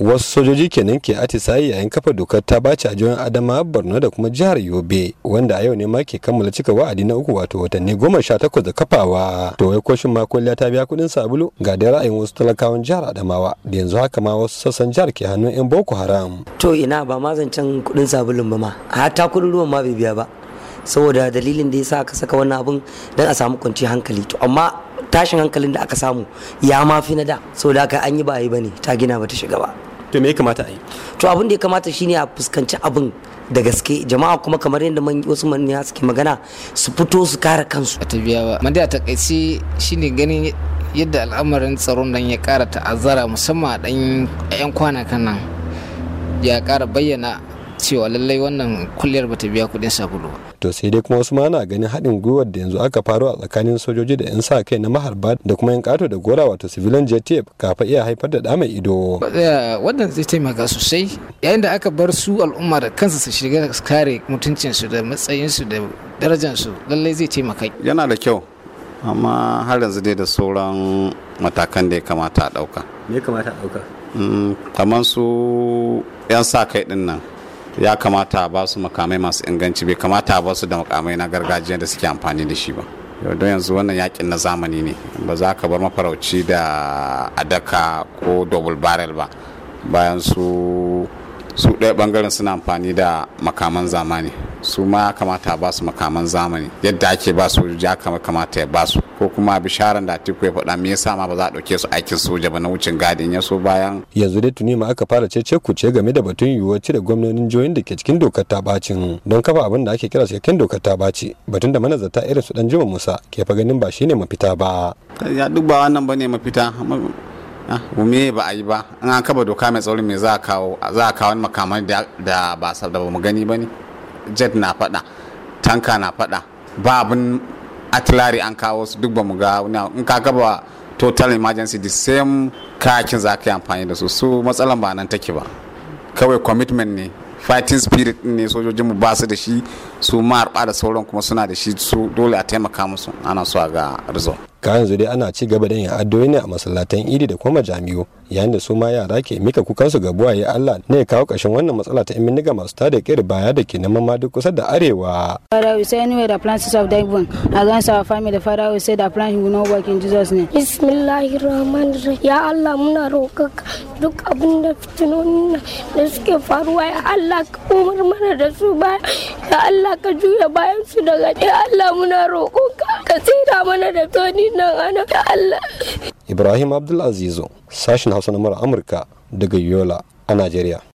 wasu sojoji kenan ke atisaye yayin kafa dokar ta bace a jihohin adama borno da kuma jihar yobe wanda a yau ne ma ke kammala cika wa'adi na uku wato watanni goma sha takwas da kafawa to wai koshin makon ta biya kuɗin sabulu ga da ra'ayin wasu talakawan jihar adamawa da yanzu haka ma wasu sassan jihar ke hannun yan boko haram to ina ba ma zancen kudin sabulun ba ma hatta kudin ruwan ma bai biya ba saboda dalilin da ya sa aka saka wannan abun don a samu kwanciyar hankali to amma tashin hankalin da aka samu ya mafi na da saboda aka an yi ba yi bane ta gina bata shiga ba to me ya kamata a yi to abin da ya kamata shine a fuskanci abin da gaske jama'a kuma kamar yadda wasu manya suke magana su fito su kare kansu a tabiya ba manda ta takaice shine ganin yadda al'amarin tsaron nan ya kara ta'azzara musamman a ɗan 'yan kwanakan nan ya kara bayyana cewa lallai wannan kulliyar bata biya kudin sabulu ba. To sai dai kuma wasu ma na ganin haɗin gwiwar da yanzu aka faro a tsakanin sojoji da 'yan sa kai na maharba da kuma 'yan kato da gora wato civilian JTF kafa iya haifar da damar ido. Eh, wannan zai taimaka sosai yayin da aka bar su al'umma da kansu su shiga kare mutuncinsu da matsayinsu da darajansu lallai zai taimaka. Yana da kyau amma har yanzu dai da sauran matakan da ya kamata a ɗauka. Me kamata a ɗauka? Mm, kamar su 'yan sa kai ɗin nan ya kamata ba su makamai masu inganci bai kamata ba su da makamai na gargajiya da suke amfani da shi ba don yanzu wannan yakin na zamani ne ba za ka bar mafarauci da adaka ko double barrel ba bayan su ɗaya bangaren suna amfani da makaman zamani su ma ya kamata ba su makaman zamani yadda ake ba su ya kamata ya ba su ko kuma bisharan da tiku ya faɗa me yasa ma ba za a ɗauke su aikin soja ba na wucin gadin ya so bayan yanzu dai tuni ma aka fara cece ce game da batun yiwuwar cire gwamnonin jihohin da ke cikin dokar ta bacin don kafa abin da ake kira cikakken dokar ta baci batun da manazarta irin su dan jima musa ke fa ganin ba shine mafita ba ya duk ba wannan bane mafita ah, me ba a yi ba an kaba doka mai tsaurin mai za a kawo za a kawo makamai da ba da ba mu gani ba ne jet na faɗa tanka na faɗa ba abin atilari an kawo su duk ba mu ga in ka gaba total emergency the same kayakin za ka yi amfani da su su matsalan ba nan take ba kawai commitment ne fighting spirit ne sojojin mu ba su da shi su ma da sauran kuma suna da shi su dole a taimaka musu ana so a ga result ka yanzu dai ana ci gaba da yin addu'o'i ne a masallatan idi da kuma jami'u yayin da su ma yara ke mika kukansu ga buwaye Allah ne kawo ƙarshen wannan matsala ta imin niga masu tada kiri baya da ke neman ma duk kusa da arewa. Father we say anyway the plans of Dagbon against our family father we say the plans will not work in Jesus name. Bismillahirrahmanirrahim ya Allah muna roƙaka duk abin da fitinonin da suke faruwa ya Allah ka umar mana da su baya ya Allah ka juya bayan su daga ya Allah muna roƙonka ka tsira mana da toni nan ana ta Allah. Ibrahim Abdulazizo sashin Hausa na Amurka daga Yola a Najeriya.